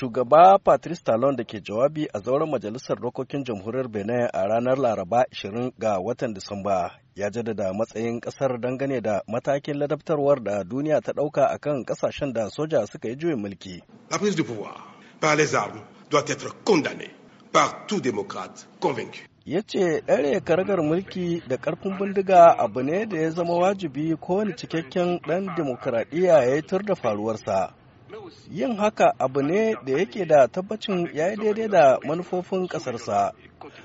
Shugaba Patrice Talon da ke jawabi a zauren Majalisar Dokokin Jamhuriyar Benin a ranar Laraba 20 ga watan Disamba ya jaddada matsayin kasar dangane da matakin ladabtarwar da duniya ta ɗauka a kan ƙasashen da soja suka yi juyin mulki. La prise du pouvoir par les armes doit être condamnée par tout démocrate convaincu. ya ce ɗare karagar mulki da ƙarfin bindiga abu ne da ya zama wajibi kowane cikakken ɗan dimokuraɗiyya ya yi tur da faruwarsa Yin haka abu ne da yake da tabbacin ya yi daidai da manufofin ƙasarsa,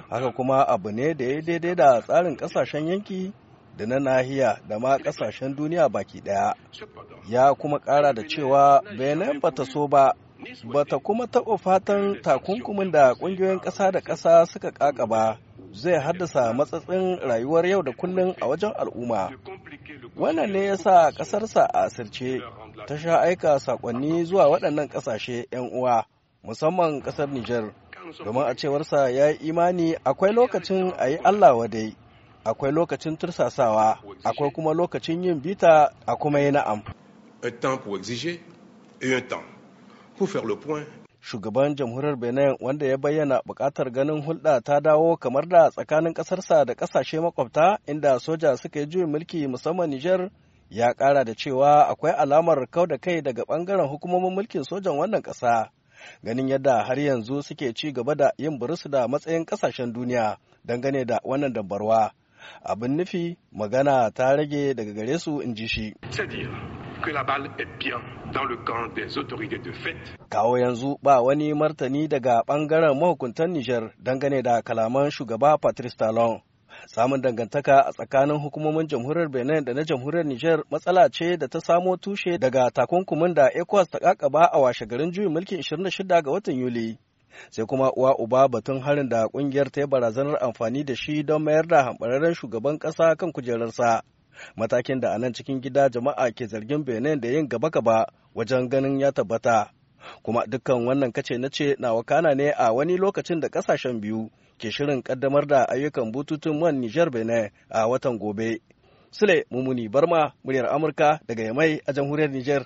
haka kuma abu ne da ya yi daidai da tsarin ƙasashen yanki da na nahiya da ma ƙasashen duniya baki ɗaya. Ya kuma ƙara da cewa Benin ta so ba bata kuma taɓa fatan takunkumin da ƙungiyoyin ƙasa da ƙasa suka ƙaƙa ba, zai haddasa matsatsin rayuwar yau da kullum a wajen al'umma Wannan ne ya sa ƙasarsa a asirce ta sha aika saƙonni zuwa waɗannan ƙasashe 'yan uwa musamman ƙasar Nijar. Domin a cewarsa ya yi imani akwai lokacin a yi Allah wadai, akwai lokacin tursasawa, akwai kuma lokacin yin bita a kuma yi na'am. shugaban jamhuriyar benin wanda ya bayyana bukatar ganin hulɗa ta dawo kamar da tsakanin ƙasarsa da ƙasashe makwabta inda soja suka yi juyin mulki musamman niger ya ƙara da cewa akwai alamar kau da kai daga ɓangaren hukumomin mulkin sojan wannan ƙasa ganin yadda har yanzu suke ci gaba da yin burusu da matsayin ƙasashen duniya dangane da wannan dabbarwa. abin nufi magana ta rage daga gare su in ji shi que la balle est bien dans le camp des autorités de fait. Kawo yanzu ba wani martani daga bangaren mahukuntan niger dangane da kalaman shugaba Patrice Talon. Samun dangantaka a tsakanin hukumomin jamhuriyar Benin da na jamhuriyar niger matsala ce da ta samo tushe daga takunkumin da ECOWAS ta kakaba a washe garin juyin mulkin 26 ga watan Yuli. sai kuma uwa uba batun harin da kungiyar ta yi barazanar amfani da shi don mayar da hambararren shugaban kasa kan kujerarsa matakin da anan cikin gida jama'a ke zargin benin da yin gaba-gaba wajen ganin ya tabbata kuma dukkan wannan kace na ce na wakana ne a wani lokacin da kasashen biyu ke shirin kaddamar da ayyukan bututun man nijar benin a watan gobe sule mumuni barma muryar amurka daga yamai a jamhuriyar nijar